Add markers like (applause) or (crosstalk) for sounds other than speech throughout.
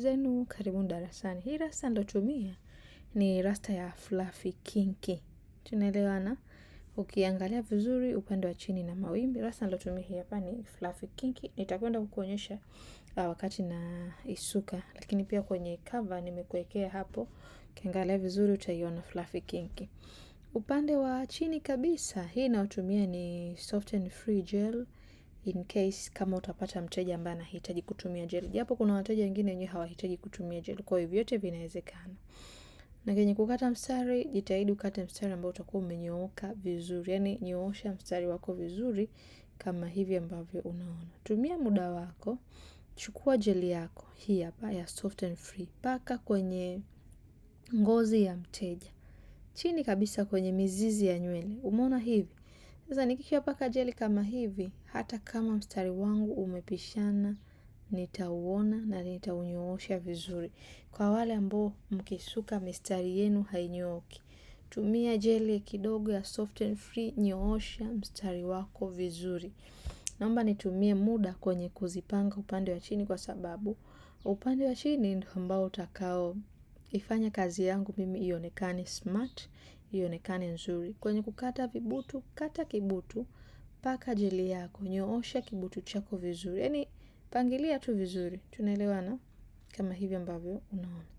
zenu karibuni darasani. Hii rasta ndotumia ni rasta ya fluffy kinky, tunaelewana. Ukiangalia vizuri upande wa chini na mawimbi, rasta ndotumia hii hapa ni fluffy kinky. Nitakwenda kukuonyesha uh, wakati na isuka, lakini pia kwenye cover nimekuwekea hapo, ukiangalia vizuri utaiona fluffy kinky. Upande wa chini kabisa, hii naotumia ni soft and free gel in case kama utapata mteja ambaye anahitaji kutumia gel, japo kuna wateja wengine wenyewe hawahitaji kutumia gel. Kwa hiyo vyote vinawezekana. Na kwenye kukata mstari, jitahidi ukate mstari ambao utakuwa umenyooka vizuri, yani nyoosha mstari wako vizuri kama hivi ambavyo unaona. Tumia muda wako, chukua jeli yako hii hapa ya Soft and Free, paka kwenye ngozi ya mteja, chini kabisa kwenye mizizi ya nywele. Umeona hivi? Sasa nikisha paka jeli kama hivi, hata kama mstari wangu umepishana nitauona na nitaunyoosha vizuri. Kwa wale ambao mkisuka mistari yenu hainyooki, tumia jeli kidogo ya soft and free, nyoosha mstari wako vizuri. Naomba nitumie muda kwenye kuzipanga upande wa chini kwa sababu upande wa chini ndio ambao utakao ifanya kazi yangu mimi ionekane smart ionekane nzuri. Kwenye kukata vibutu, kata kibutu, paka jeli yako, nyoosha kibutu chako vizuri, yaani pangilia tu vizuri, tunaelewana kama hivi ambavyo unaona.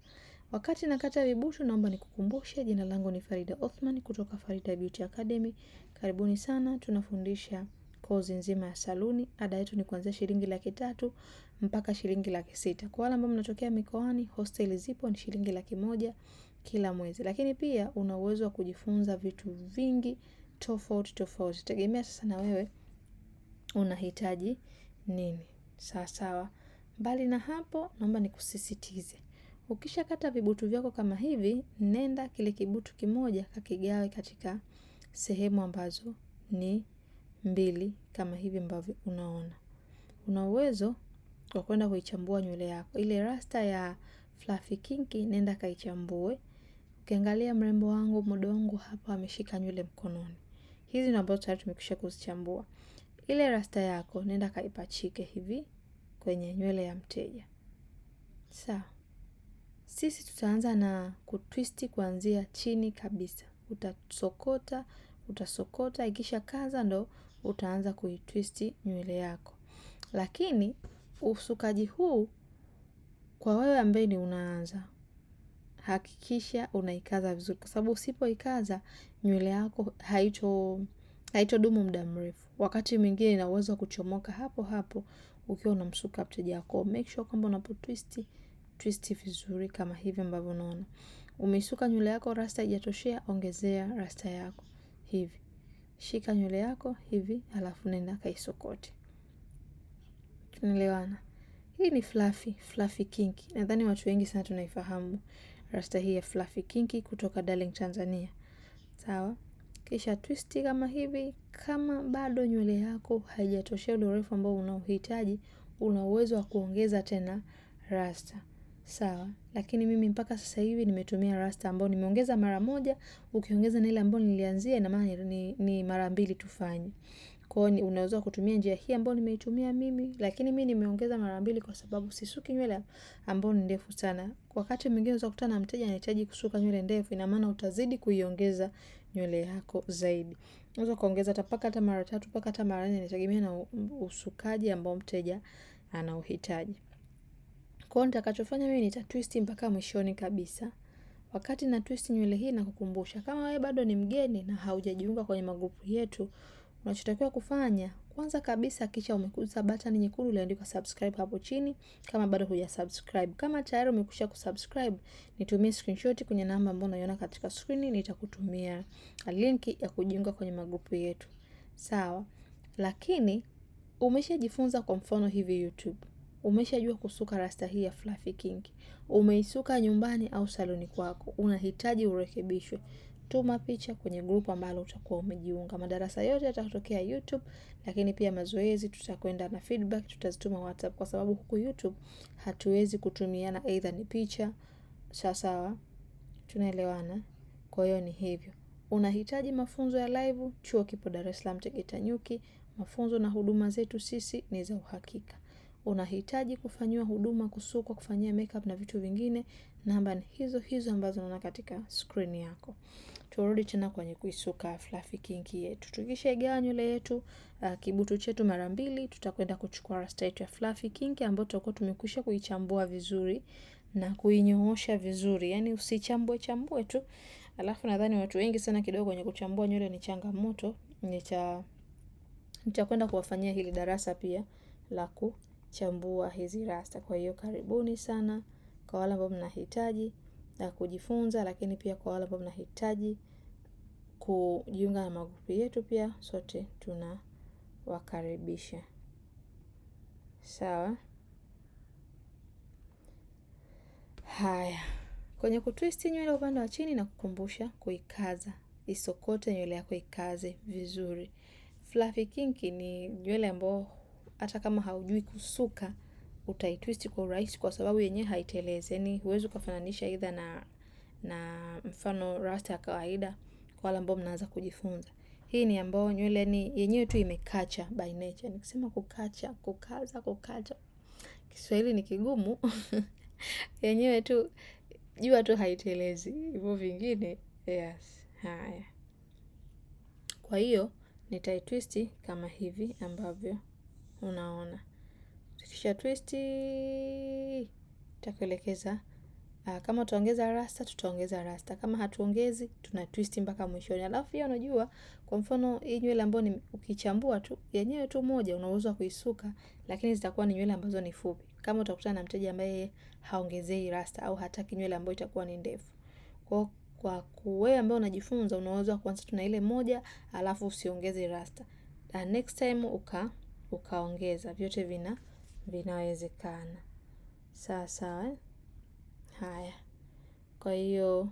Wakati nakata vibutu, naomba nikukumbushe, jina langu ni Farida Othman kutoka Farida Beauty Academy. Karibuni sana, tunafundisha kozi nzima ya saluni. Ada yetu ni kuanzia shilingi laki tatu mpaka shilingi laki sita. Kwa wale ambao mnatokea mikoani, hosteli zipo ni shilingi laki moja kila mwezi, lakini pia una uwezo wa kujifunza vitu vingi tofauti tofauti, tegemea sasa na wewe unahitaji nini. Sawasawa, mbali na hapo, naomba nikusisitize ukishakata vibutu vyako kama hivi, nenda kile kibutu kimoja kakigawe katika sehemu ambazo ni mbili kama hivi ambavyo unaona. Una uwezo wa kwenda kuichambua nywele yako, ile rasta ya fluffy kinky, nenda kaichambue. Ukiangalia mrembo wangu mdongo wangu hapa ameshika nywele mkononi. Hizi ndo ambazo tayari tumekwisha kuzichambua. Ile rasta yako nenda kaipachike hivi kwenye nywele ya mteja. Sawa. Sisi tutaanza na kutwisti kuanzia chini kabisa. Utasokota, utasokota, ikisha kaza ndo utaanza kuitwisti nywele yako. Lakini usukaji huu kwa wewe ambaye ni unaanza hakikisha unaikaza vizuri, kwa sababu usipoikaza nywele yako haito haitodumu muda mrefu. Wakati mwingine ina uwezo wa kuchomoka hapo hapo ukiwa unamsuka mteja wako. Make sure kwamba unapo twist twist vizuri kama hivi ambavyo unaona. Umeisuka nywele yako rasta haijatoshea, ongezea rasta yako hivi. Shika nywele yako hivi, alafu nenda kaisokote. Tunaelewana? Hii ni fluffy, fluffy kinky. Nadhani watu wengi sana tunaifahamu rasta hii ya fluffy kinky kutoka Darling Tanzania. Sawa, kisha twisti kama hivi. Kama bado nywele yako haijatoshea ule urefu ambao unaohitaji, una uwezo wa kuongeza tena rasta. Sawa, lakini mimi mpaka sasa hivi nimetumia rasta ambao nimeongeza mara moja. Ukiongeza na ile ambayo nilianzia, ina maana ni, ni mara mbili tufanye kwao hiyo unaweza kutumia njia hii ambayo nimeitumia mimi, lakini mimi nimeongeza mara mbili kwa sababu sisuki nywele ambayo ni ndefu sana. Wakati mwingine unaweza kukutana na mteja anahitaji kusuka nywele ndefu, ina maana utazidi kuiongeza nywele yako zaidi. Unaweza kuongeza hata mpaka hata mara tatu mpaka hata mara nne inategemea na usukaji ambao mteja anaohitaji. Kwa hiyo nitakachofanya mimi nita twist mpaka mwishoni kabisa. Wakati na twist nywele hii nakukumbusha kama wewe bado ni mgeni na haujajiunga kwenye magrupu yetu, Unachotakiwa kufanya kwanza kabisa, kisha umekuza button nyekundu iliyoandikwa subscribe hapo chini, kama bado huja subscribe. Kama tayari umekusha kusubscribe, nitumie screenshot kwenye namba ambayo unaiona katika screen, nitakutumia linki ya kujiunga kwenye magrupu yetu, sawa? Lakini umeshajifunza kwa mfano hivi YouTube, umeshajua kusuka rasta hii ya fluffy kinky, umeisuka nyumbani au saloni kwako, unahitaji urekebishwe tuma picha kwenye grupu ambalo utakuwa umejiunga. Madarasa yote yatatokea YouTube, lakini pia mazoezi tutakwenda na feedback tutazituma WhatsApp, kwa sababu huku YouTube hatuwezi kutumiana aidha ni picha. Sawasawa, tunaelewana. Kwa hiyo ni hivyo. Unahitaji mafunzo ya live? Chuo kipo Dar es Salaam Tegeta Nyuki. Mafunzo na huduma zetu sisi ni za uhakika unahitaji kufanyiwa huduma, kusukwa, kufanyia makeup na vitu vingine, namba ni hizo hizo ambazo unaona katika screen yako. Turudi tena kwenye kuisuka fluffy kinky yetu. Tukishaigawa nywele yetu uh, kibutu chetu mara mbili, tutakwenda kuchukua rasta yetu ya fluffy kinky ambayo tutakuwa tumekwisha kuichambua vizuri na kuinyoosha vizuri, yani usichambue chambue tu. Alafu nadhani watu wengi sana kidogo kwenye kuchambua nywele ni changamoto, nitakwenda kuwafanyia hili darasa pia la ku chambua hizi rasta. Kwa hiyo karibuni sana kwa wale ambao mnahitaji na kujifunza, lakini pia kwa wale ambao mnahitaji kujiunga na magrupu yetu, pia sote tunawakaribisha. Sawa. Haya, kwenye kutwisti nywele upande wa chini na kukumbusha kuikaza, isokote nywele yako, ikaze vizuri. Fluffy kinky ni nywele ambayo hata kama haujui kusuka utaitwist kwa urahisi, kwa sababu yenyewe haitelezi. Yani huwezi ukafananisha aidha na, na mfano rasta ya kawaida kwa wale ambao mnaanza kujifunza. Hii ni ambayo nywele ni yaani yenyewe tu imekacha by nature. Nikisema kukacha, kukaza, kukacha Kiswahili ni kigumu (laughs) yenyewe tu jua tu haitelezi hivyo vingine yes. Haya, kwa hiyo nitaitwist kama hivi ambavyo unaona. Tukisha twist Uh, kama utaongeza rasta tutaongeza rasta, kama hatuongezi tuna twist mpaka mwishoni. Alafu pia unajua, kwa mfano hii nywele ambayo ni ukichambua tu yenyewe tu moja, una uwezo wa kuisuka, lakini zitakuwa ni nywele ambazo ni fupi. Kama utakutana na mteja ambaye haongezei rasta au hataki nywele ambayo itakuwa ni ndefu, kwa kwa wewe ambaye unajifunza, una uwezo wa kuanza tu na ile moja, alafu usiongeze rasta, na ah, next time uka ukaongeza, vyote vina vinawezekana. Sawa sawa. Haya, kwa hiyo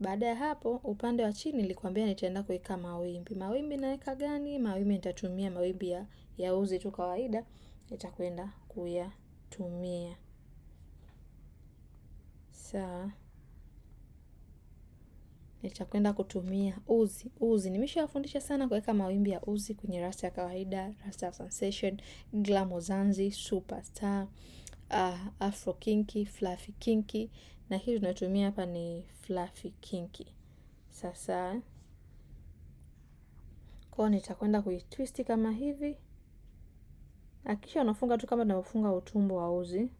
baada ya hapo, upande wa chini nilikwambia nitaenda kuweka mawimbi. Mawimbi naweka gani? Mawimbi nitatumia mawimbi ya, ya uzi tu kawaida, nitakwenda kuyatumia. Sawa nitakwenda kutumia uzi. Uzi nimeshawafundisha sana kuweka mawimbi ya uzi kwenye rasta ya kawaida, rasta ya sensation, glamo zanzi, superstar, uh, afro kinki, fluffy kinki na hii tunatumia hapa ni fluffy kinki. Sasa kwa nitakwenda kuitwist kama hivi. Hakikisha unafunga tu kama unavyofunga utumbo wa uzi.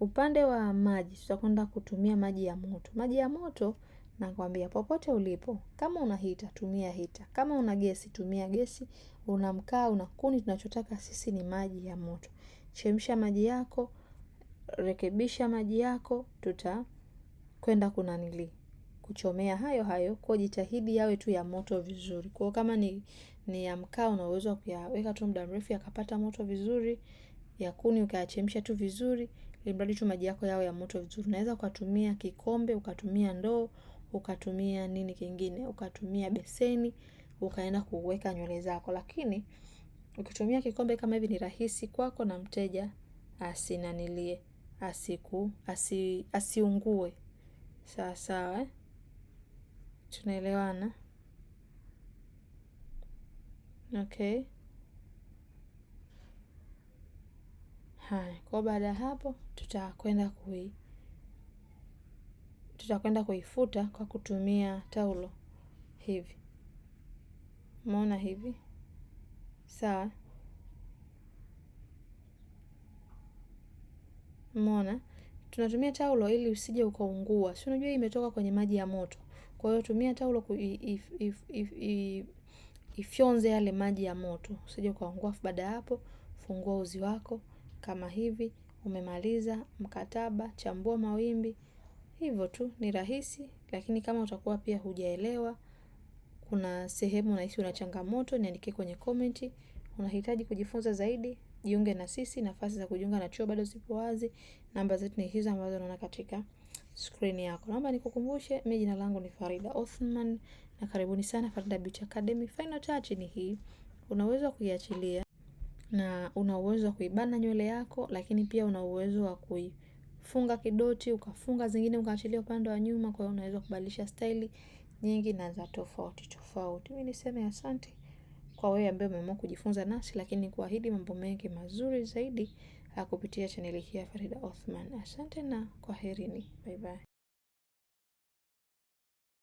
Upande wa maji, tutakwenda kutumia maji ya moto. Maji ya moto nakwambia, popote ulipo, kama una hita tumia hita, kama una gesi tumia gesi, una mkaa, una kuni, tunachotaka sisi ni maji ya moto. Chemsha maji yako, rekebisha maji yako, tutakwenda kunanili kuchomea hayo hayo, kwa jitahidi yawe tu ya moto vizuri. Kwa kama ni, ni ya mkaa una uwezo wa kuyaweka tu muda mrefu yakapata moto vizuri, ya kuni ukayachemsha tu vizuri mradi tu maji yako yao ya moto vizuri. Unaweza ukatumia kikombe, ukatumia ndoo, ukatumia nini kingine, ukatumia beseni, ukaenda kuweka nywele zako, lakini ukitumia kikombe kama hivi ni rahisi kwako na mteja asinanilie asiku asi, asiungue sawa sawa eh? Tunaelewana okay? Haya, kwa baada ya hapo tutakwenda kui tutakwenda kuifuta kwa kutumia taulo hivi. Umeona hivi? Sawa. Umeona? Tunatumia taulo ili usije ukaungua. Si unajua imetoka kwenye maji ya moto. Kwa hiyo tumia taulo ifyonze yale maji ya moto usije ukaungua. Baada ya hapo, fungua uzi wako kama hivi umemaliza mkataba, chambua mawimbi, hivyo tu ni rahisi, lakini kama utakuwa pia hujaelewa, kuna sehemu unahisi una changamoto, niandikie kwenye komenti, unahitaji kujifunza zaidi, jiunge na sisi. Nafasi za kujiunga na chuo bado zipo wazi. Namba zetu ni hizo ambazo unaona katika screen yako. Naomba nikukumbushe, mimi jina langu ni Farida Othman na karibuni sana Farida Beauty Academy. Final touch ni hii, unaweza kuiachilia na una uwezo wa kuibana nywele yako, lakini pia una uwezo wa kuifunga kidoti, ukafunga zingine ukaachilia upande wa nyuma. Kwa hiyo unaweza kubadilisha staili nyingi na za tofauti tofauti. Mimi niseme asante kwa wewe ambaye umeamua kujifunza nasi, lakini kuahidi mambo mengi mazuri zaidi kupitia chaneli hii ya Farida Othman. Asante na kwaherini, bye bye.